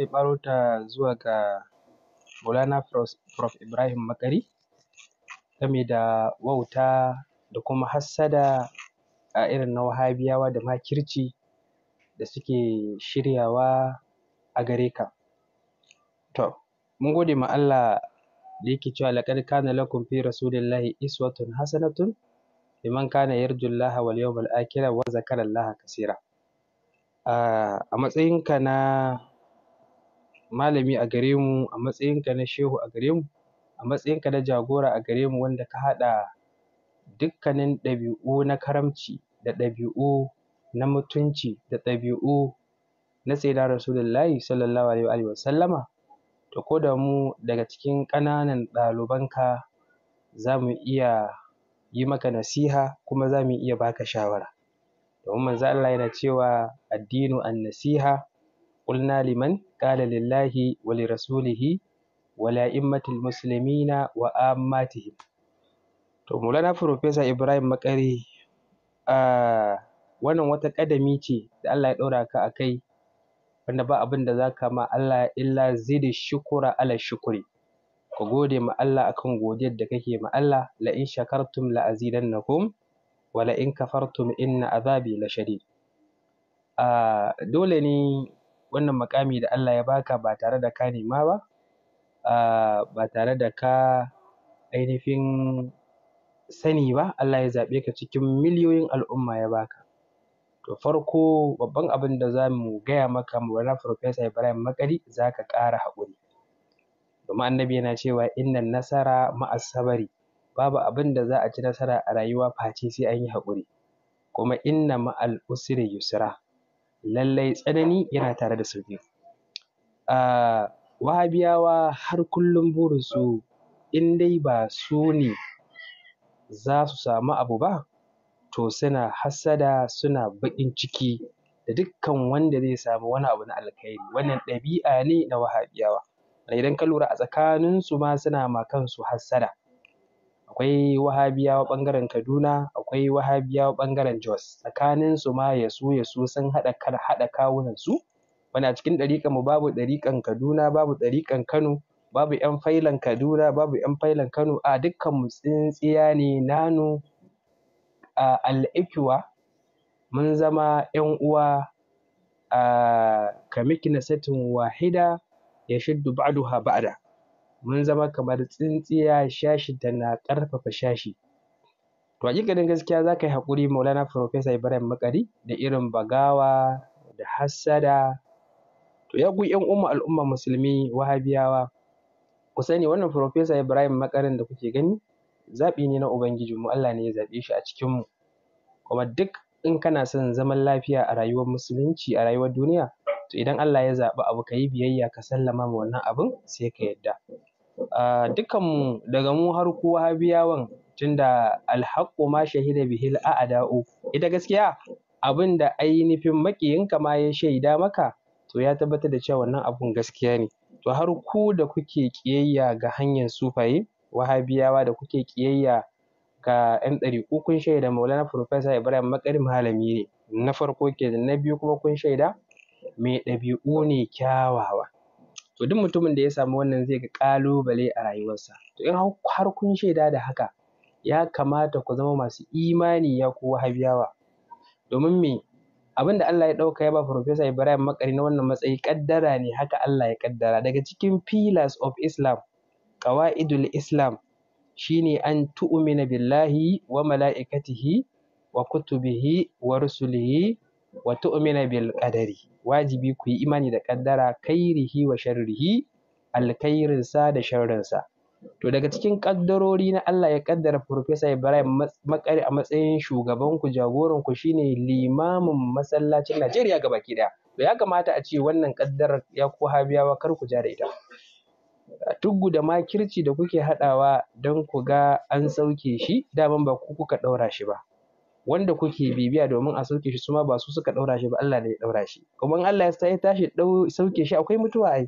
zai ɓaro zuwa ga Maulana Prof Ibrahim Makari game da wauta da kuma hassada a irin na wahabiyawa da makirci da suke shiryawa a gare ka. To, mun gode ma Allah da yake cewa laqad kana lakum fi rasulillahi iswatun hasanatun liman kana yarjullaha wal yawmal akhir wa zakara Allah kaseera. a matsayinka na malami a gare mu, a matsayinka na shehu a gare mu, a matsayinka na jagora a gare mu wanda ka haɗa dukkanin ɗabi'u na karamci da ɗabi'u na mutunci da ɗabi'u na tsira rasulullahi sallallahu alaihi wa sallama to ko da mu daga cikin ƙananan ɗalibanka za mu iya yi maka nasiha kuma za mu iya baka shawara domin manzon Allah yana cewa addinu an-nasiha qulna liman qala lillahi wa li rasulihi wa li a'immatil muslimina to Maulana Professor Ibrahim Makari a wannan wata ƙadami ce da Allah ya ɗaura ka a kai wanda ba abin da za ka ma Allah illa zidi shukura ala shukuri ka gode ma Allah akan godiyar da kake ma Allah la in shakartum la azidannakum wa la in kafartum inna azabi la shadid dole ne wannan makami da Allah ya baka ba tare da ka nema ba ba tare da ka ainihin sani ba Allah ya zaɓe ka cikin miliyoyin al'umma ya baka to farko babban abin da za mu gaya maka Maulana Farfesa Ibrahim Makari za ka ƙara haƙuri domin annabi yana cewa innan nasara ma'as sabari babu abin da za a ci nasara a rayuwa face sai an yi haƙuri kuma inna ma'al usri yusra lallai tsanani yana tare da sauƙi a wahabiyawa har kullum burinsu in dai ba su ne za su samu abu ba to suna hassada suna baƙin ciki da dukkan wanda zai samu wani abu na alkhairi wannan ɗabi'a ne na wahabiyawa idan ka lura a tsakaninsu ma suna ma kansu hassada akwai wahabiyawa ɓangaren kaduna akwai wahabiyawa ɓangaren jos tsakanin su ma yasu su sun haɗa haɗa kawunan su wani a cikin ɗariƙan mu babu ɗariƙan kaduna babu ɗariƙan kano babu yan failan kaduna babu yan failan kano a dukkan mu tsintsiya ne nanu a al'ikiwa mun zama yan uwa a kamikina satin wahida ya shuddu ba'duha ba'da mun zama kamar tsintsiya shashinta na ƙarfafa shashi to haƙiƙanin gaskiya za ka yi haƙuri maulana Profesa Ibrahim Makari da irin bagawa da hassada to ya ku ƴan umma al'umma musulmi wahabiyawa ku sani wannan Profesa Ibrahim Makarin da kuke gani zaɓi ne na ubangiji mu Allah ne ya zaɓe shi a cikin mu kuma duk in kana son zaman lafiya a rayuwar musulunci a rayuwar duniya to idan Allah ya zaɓi abu ka yi biyayya ka sallama ma wannan abun sai ka yadda dukkanmu daga mu har ku wahabiyawan tunda alhaqqu ma shahida bihil a'da'u ita gaskiya abin da ainihin makiyinka ma ya shaida maka to ya tabbatar da cewa wannan abun gaskiya ne to har ku da kuke ƙiyayya ga hanyar sufaye wahabiyawa da kuke ƙiyayya ga 'yan ɗariƙu kun shaida maulana Profesa ibrahim Makarim malami ne na farko kenan na biyu kuma kun shaida mai ɗabi'u ne kyawawa to duk mutumin da ya samu wannan zai ga ƙalubale a rayuwarsa to in har kun shaida da haka ya kamata ku zama masu imani ya ku wahabiyawa domin me abin da Allah ya ɗauka ya ba Profesa Ibrahim Makari na wannan matsayi ƙaddara ne haka Allah ya ƙaddara daga cikin pillars of Islam ƙawa'idul Islam shine an tu'umina billahi wa mala'ikatihi wa kutubihi wa rusulihi wa tu'umina bil qadari wajibi ku yi imani da ƙaddara kairihi wa sharrihi alkhairinsa da sharrinsa to daga cikin ƙaddarori na Allah ya ƙaddara Profesa Ibrahim Makari a matsayin shugaban ku jagoran ku shine limamin masallacin Najeriya gaba baki ɗaya to ya kamata a ce wannan ƙaddarar ya ku habiyawa kar ku ja da ita tuggu da makirci da kuke haɗawa don ku ga an sauke shi daman ba ku kuka ɗaura shi ba wanda kuke bibiya domin a sauke shi su ma ba su suka ɗaura shi ba Allah ne ya ɗaura shi kuma in Allah ya tashi sauke shi akwai mutuwa ai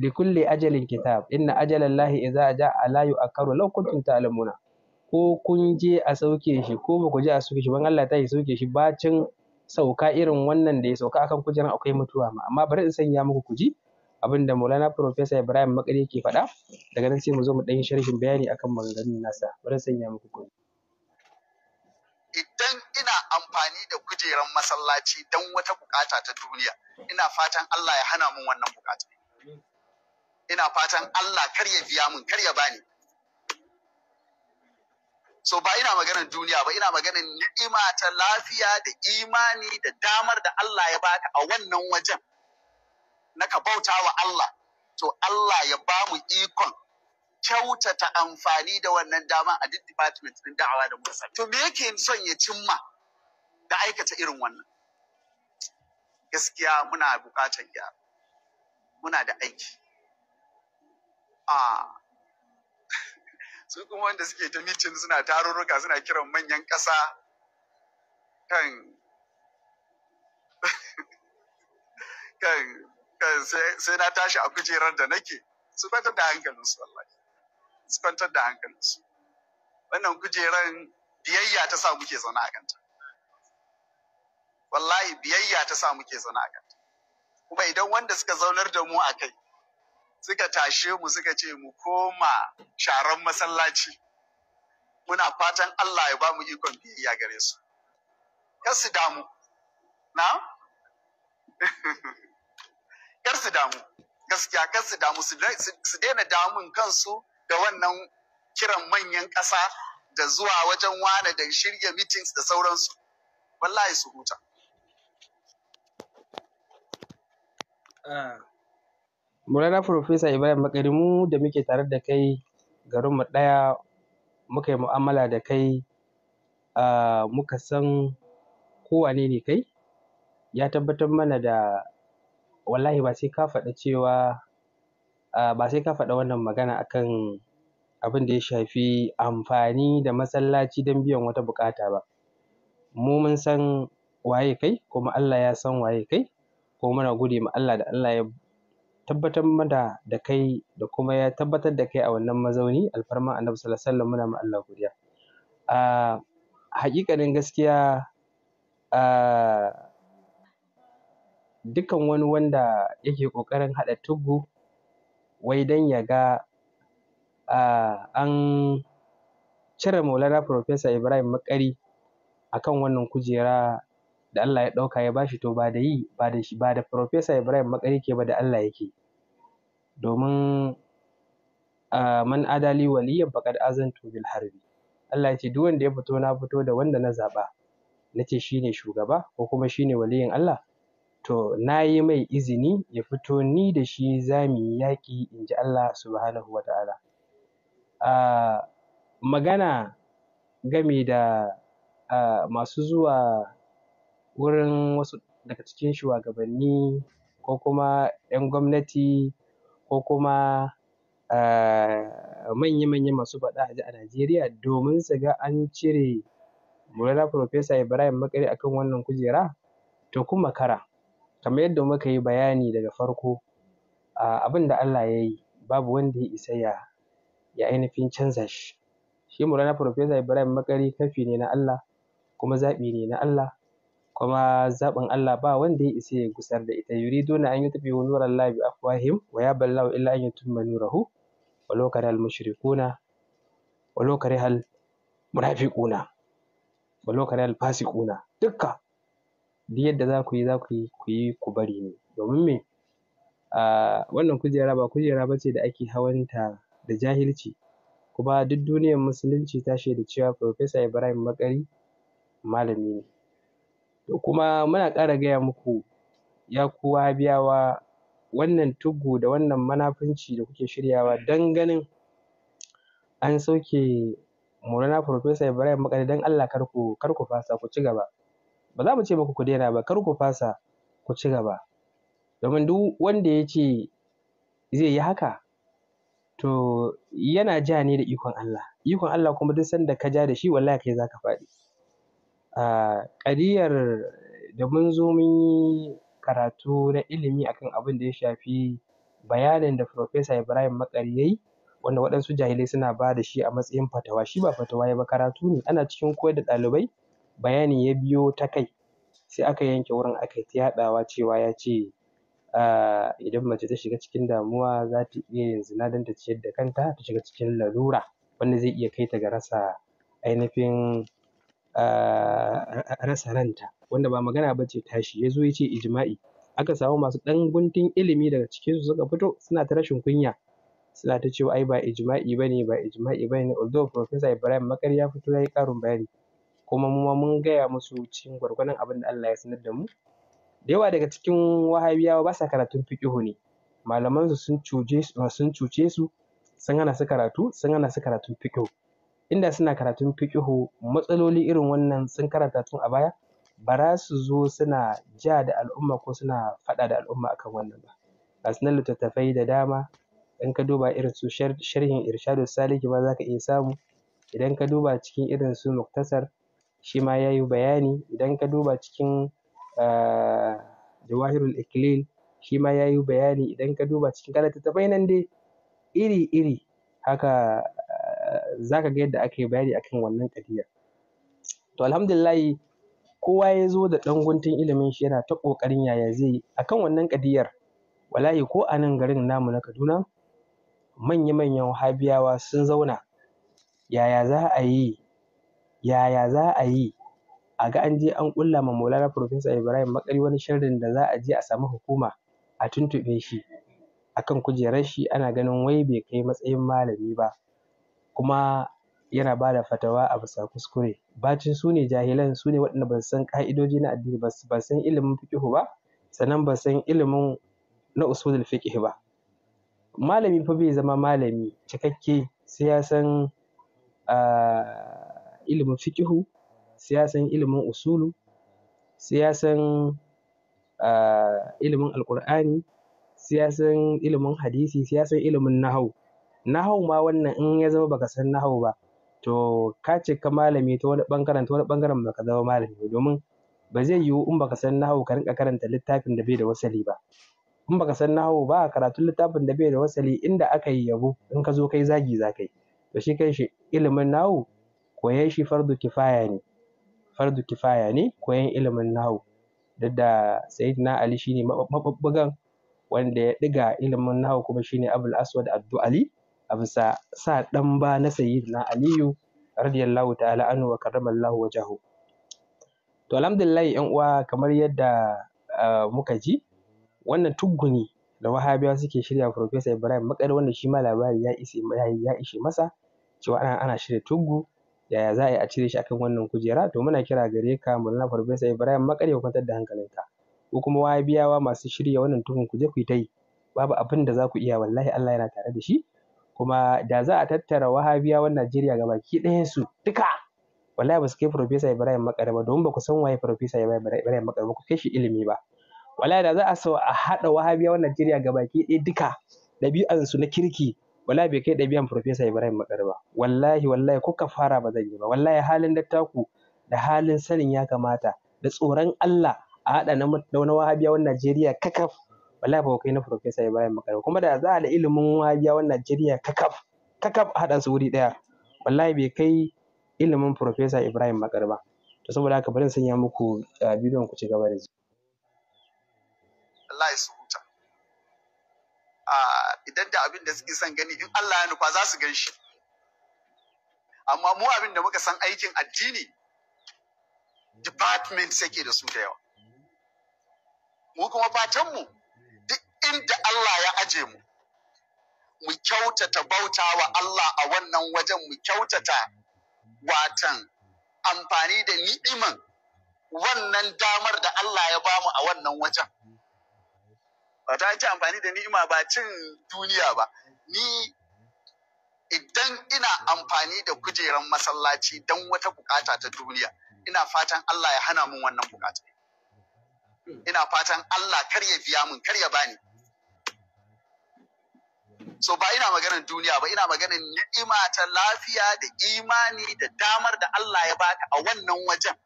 li kulli ajalin kitab inna ajalallahi idza jaa la yu'akkaru law kuntum ta'lamuna ko kun je a sauke shi ko ba ku je a sauke shi ban Allah ya tashi sauke shi bacin sauka irin wannan da ya sauka akan kujeran akwai mutuwa ma amma bari in sanya muku kuji abin da Maulana Professor Ibrahim Makari yake faɗa daga nan sai mu zo mu ɗan yi sharhin bayani akan maganganun nasa bari in sanya muku kuji amfani da kujeran masallaci don wata bukata ta duniya ina fatan Allah ya hana mun wannan bukata ina fatan Allah kar ya biya mun kar ya bani so ba ina maganar duniya ba ina maganar ni'ima ta lafiya da imani da damar da Allah ya baka a wannan wajen na ka bauta wa Allah to Allah ya ba mu ikon kyautata amfani da wannan dama a duk department din da'awa da musa to me yake son ya cimma da aikata irin wannan gaskiya muna buƙatar gyara muna da aiki a su kuma wanda suke ta mitin suna tarurruka suna kiran manyan ƙasa kan kan kan sai na tashi a kujerar da nake su kwantar da hankalinsu wallahi su kwantar da hankalinsu wannan kujerar biyayya ta sa muke zaune a kanta wallahi biyayya ta sa muke zaune a kanta kuma idan wanda suka zaunar da mu a kai suka tashe mu suka ce mu koma sharan masallaci muna fatan Allah ya ba mu ikon biyayya gare su kar su damu na kar damu gaskiya kar su damu su daina damun kansu da wannan kiran manyan ƙasa da zuwa wajen wane da shirya meetings da sauransu wallahi su huta Murana Profesa Ibrahim Bakari mu da muke tare da kai garin mu ɗaya muka yi mu'amala da kai muka san kowane ne kai ya tabbatar mana da wallahi ba sai ka faɗa cewa ba sai ka faɗa wannan magana akan abin da ya shafi amfani da masallaci don biyan wata buƙata ba mu mun san waye kai kuma Allah ya san waye kai kuma muna gode ma Allah da Allah ya tabbatar mana da kai da kuma ya tabbatar da kai a wannan mazauni alfarma annabi sallallahu alaihi muna ma Allah godiya a haƙiƙanin gaskiya a dukkan wani wanda yake ƙoƙarin haɗa tugu wai dan ya ga an cire maulana Profesa Ibrahim Makari akan wannan kujera da Allah ya ɗauka ya bashi to ba da yi ba da shi ba da Professor Ibrahim Makari ke ba da Allah yake domin man adali waliyan faqad azantu bil harbi Allah ya ce duk wanda ya fito na fito da wanda na zaɓa na nace shine shugaba ko kuma shine waliyan Allah to na yi mai izini ya fito ni da shi za mu yi yaƙi in ji Allah subhanahu wa ta'ala magana game da masu zuwa wurin wasu daga cikin shuwagabanni ko kuma 'yan gwamnati ko kuma eh, manya-manya masu faɗa a a Najeriya domin su ga an cire Maulana Profesa Ibrahim Makari akan wannan kujera to kun makara kamar yadda muka yi bayani daga farko abin da Allah ya yi babu wanda ya isa ya ya ainihin canza shi shi Maulana Profesa Ibrahim Makari kafi ne na Allah kuma zaɓi ne na Allah kuma zaɓin Allah ba wanda ya isa ya gusar da ita yuriduna an yutfi'u nurallahi bi afwahim wa ya yaballahu illa an yutimma nurahu walau karihal mushrikuna walau karihal munafiquna walau hal fasiquna dukka duk yadda za ku yi za ku yi ku yi ku bari ne domin me wannan kujera ba kujera ba ce da ake hawanta da jahilci kuma duk duniyar musulunci ta shaida cewa Farfesa Ibrahim Maƙari malami ne To kuma muna ƙara gaya muku ya kowa biyawa wannan tugu da wannan manafinci da kuke shiryawa don ganin an sauke Maulana Farfesa Ibrahim Maƙari don Allah kar ku fasa ku ci gaba. Ba za mu ce muku ku daina ba kar ku fasa ku ci gaba. Domin duk wanda ya ce zai yi haka to yana ja ne da ikon Allah. Ikon Allah kuma duk sanda ka ja da shi wallahi kai za ka faɗi. a da mun zo mun yi karatu na ilimi akan abin da ya shafi bayanin da Profesa Ibrahim Makari ya yi wanda waɗansu jahilai suna ba da shi a matsayin fatawa shi ba fatawa ya ba karatu ne ana cikin koyar da ɗalibai bayani ya biyo ta kai sai aka yanke wurin aka yi yaɗawa cewa ya ce idan mace ta shiga cikin damuwa za ta iya yin zina don ta ciyar da kanta ta shiga cikin lalura wanda zai iya kai ta ga rasa ainihin rasa ranta wanda ba magana ba ce tashi ya zo ya ce ijima'i aka samu masu ɗan guntun ilimi daga cikin su suka fito suna ta rashin kunya suna ta cewa ai ba ba bane ba ba ne. although professor Ibrahim Makar ya fito ya yi karin bayani kuma mu mun gaya musu cikin gwargwadon abin da Allah ya sanar da mu da yawa daga cikin wahabiyawa ba sa karatun fiqihu ne malaman su sun cuce su sun hana su karatu sun hana su karatun fiqihu inda suna karatun fiƙihu matsaloli irin wannan sun karanta tun a baya ba za su zo suna ja da al'umma ko suna faɗa da al'umma akan wannan ba ga su nan littattafai da dama in ka duba irin su sharhin irshadu saliki ma za ka iya samu idan ka duba cikin irin su muktasar shi ma ya yi bayani idan ka duba cikin ah, jawahirul iklil shi ma ya yi bayani idan ka duba cikin kana littattafai nan dai iri-iri haka za ka ga yadda aka yi bayani akan wannan kadiyar? to alhamdulillahi kowa ya zo da ɗan guntun ilimin shi yana ta ƙoƙarin yaya zai yi akan wannan kadiyar, wallahi ko a nan garin namu na kaduna manya-manyan Habiyawa sun zauna yaya za a yi yaya za a yi a ga an je an ƙulla ma maulana Professor ibrahim makari wani sharrin da za a je a samu hukuma a tuntube shi akan kujerar shi ana ganin wai bai kai matsayin malami ba kuma yana ba da fatawa a bisa kuskure bacin su ne jahilan su ne waɗanda ba san ƙa'idoji na addini ba san ilimin fiƙihu ba sannan ba san ilimin na usulul fiqh ba malami fa bai zama malami cikakke sai ya san ilimin fiƙihu sai ya san ilimin usulu sai ya san ilimin alƙur'ani sai ya san ilimin hadisi sai ya san ilimin nahau nahau ma wannan in ya zama baka san nahau ba to ka ce ka malami ta wani bangaren ta wani bangaren baka zama malami ba domin ba zai yiwu in baka san nahau ka rinka karanta littafin da bai da wasali ba in baka san nahau ba karatun littafin da bai da wasali inda aka yi yabo in ka zo kai zagi za kai to shi kai shi ilimin nahu koyan shi fardu kifaya ne fardu kifaya ne koyan ilimin nahau duk da sayyidina ali shine mababbugan wanda ya diga ilimin nahu kuma shine abul aswad addu'ali a bisa sa ɗan ba na sayyidina aliyu radiyallahu ta'ala anhu wa karramallahu wajahu to alhamdulillah yan uwa kamar yadda ah, muka ji wannan tugguni da wahabiyawa suke shirya professor Ibrahim Makar wanda shi ma labari ya ishe ya ishe masa cewa ana ana shirya tuggu yaya za a yi a cire shi akan wannan kujera to muna kira gare ka Maulana professor Ibrahim Makar ya kwantar da hankalinka ko kuma wahabiyawa masu shirya wannan tugun ku je ku yi ta yi babu abin da za ku iya wallahi Allah yana tare da shi kuma da za a tattara wahabiyawan najeriya ga baki ɗayansu duka wallahi ba su kai Ibrahim Makare ba domin ba ku san waye Profesa Ibrahim Makare ba ku kai shi ilimi ba wallahi da za a so a haɗa wahabiyawan Najeriya gabaki ɗaya duka ɗabi'ansu su na kirki wallahi bai kai ɗabi'an Profesa Ibrahim Makare ba wallahi wallahi ko ka fara ba zai yi ba wallahi halin dattaku da halin sanin ya kamata da tsoron Allah a haɗa na wahabiyawan Najeriya kakaf wallahi ba kai na ya Ibrahim makara kuma da za a da ilimin wa Najeriya kakaf kakaf a haɗa su wuri ɗaya wallahi bai kai ilimin Profesa Ibrahim Bakare ba to saboda haka bari sanya muku bidiyon ku ci gaba da ji wallahi su huta idan da abin da suke son gani in Allah ya nufa za su gan shi amma mu abin da muka san aikin addini department sake da su da yawa mu kuma fatanmu inda Allah ya aje mu mu kyautata bauta wa Allah a wannan wajen mu kyautata watan amfani da ni'iman wannan damar da Allah ya bamu a wannan wajen ba ta ce amfani da ni'ima ba cin duniya ba ni idan ina amfani da kujeran masallaci don wata bukata ta duniya ina fatan Allah ya hana min wannan bukata ina fatan Allah kar ya biya min kar ya bani so ba ina maganar duniya ba ina maganar ni'ima ta lafiya da imani da damar da Allah ya baka a wannan wajen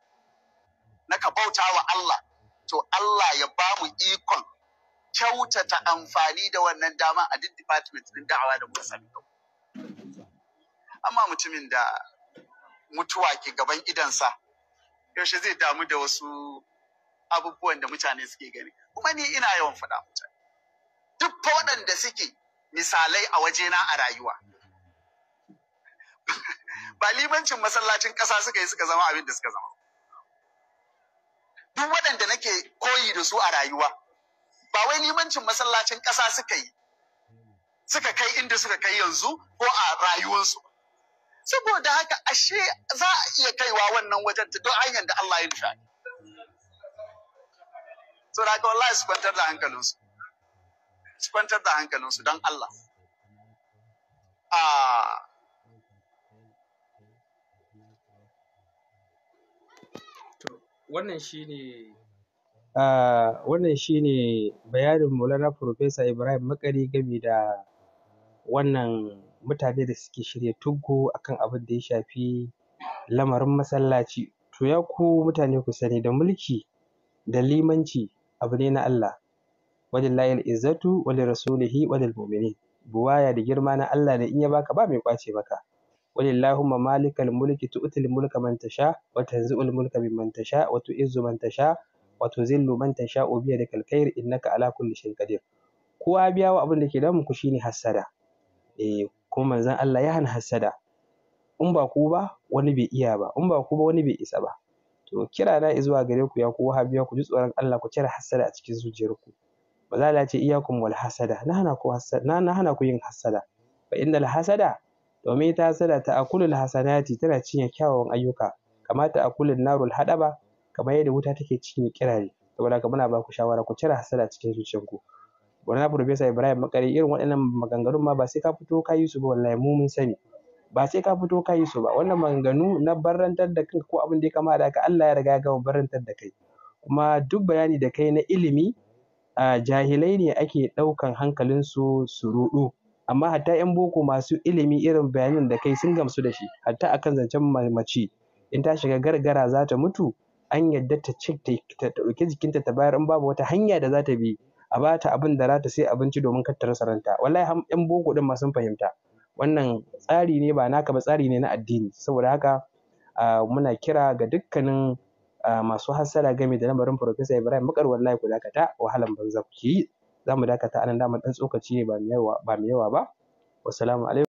na ka bauta wa Allah to Allah ya ba mu ikon kyautata amfani da wannan dama a duk department din da'awa da musulmi amma mutumin da mutuwa ke gaban idansa yaushe zai damu da wasu abubuwan da mutane suke gani kuma ni ina yawan faɗa mutane duk waɗanda suke misalai a wajena a rayuwa ba limancin masallacin ƙasa suka yi suka zama abin da suka zama duk waɗanda nake koyi da su a rayuwa ba wai limancin masallacin ƙasa suka yi suka kai inda suka kai yanzu ko a rayuwarsu saboda haka ashe za a iya kaiwa wannan wajen ta don hanyar da Allah ya nufa. Saboda haka wallahi su kwantar da hankalinsu. su kwantar da hankalinsu don Allah. Wannan shi ne wannan shi ne bayanin Maulana Profesa Ibrahim Makari game da wannan mutane da suke shirya tuggo akan abin da ya shafi lamarin masallaci. To ya ku mutane ku sani da mulki da limanci abu ne na Allah. walillahi al'izzatu wa lirasulihi wa lilmu'minin buwaya da girma na Allah da in ya baka ba mai kwace maka walillahumma malikal mulki tu'til mulka man tasha wa tanzi'ul mulka mimman tasha wa tu'izzu man tasha wa tuzillu man tasha bi yadikal khair innaka ala kulli shay'in qadir kowa biya wa abin da ke damun ku shine hassada eh kuma manzon Allah ya hana hassada in ba ku ba wani bai iya ba in ba ku ba wani bai isa ba to kira na zuwa gare ku ya ku wahabiya ku ji tsoron Allah ku cire hasada a cikin zuciyarku Manzo ya ce iyakum wal hasada na hana ku hasada na hana ku yin hasada fa innal hasada domin ita hasada ta akulul hasanati tana cinye kyawawan ayyuka kamata akulul narul hadaba kamar yadda wuta take cinye kirare saboda haka muna ba ku shawara ku cire hasada cikin zuciyanku wannan professor Ibrahim Makari irin waɗannan maganganun ma ba sai ka fito ka yi su ba wallahi mu mun sani ba sai ka fito ka yi su ba wannan maganganu na barantar da kanka ko abin da ya kama da haka Allah ya riga ya gama barantar da kai kuma duk bayani da kai na ilimi jahilai ne ake ɗaukan hankalin su ruɗu amma hatta 'yan boko masu ilimi irin bayanin da kai sun gamsu da shi hatta akan zancen mace in ta shiga gargara za ta mutu an yadda ta ce ta ɗauki jikinta ta bayar in babu wata hanya da za ta bi a ba ta abin da za ta sai abinci domin kar ta rasa ranta wallahi 'yan boko ɗin ma sun fahimta wannan tsari ne ba naka ba tsari ne na addini saboda haka muna kira ga dukkanin masu hasala game da lamarin Profesa Ibrahim Bakar wallahi ku dakata wahalan banza ku yi. Za mu dakata anan dama ɗan tsokaci ne ba mai yawa ba. Wassalamu alaikum.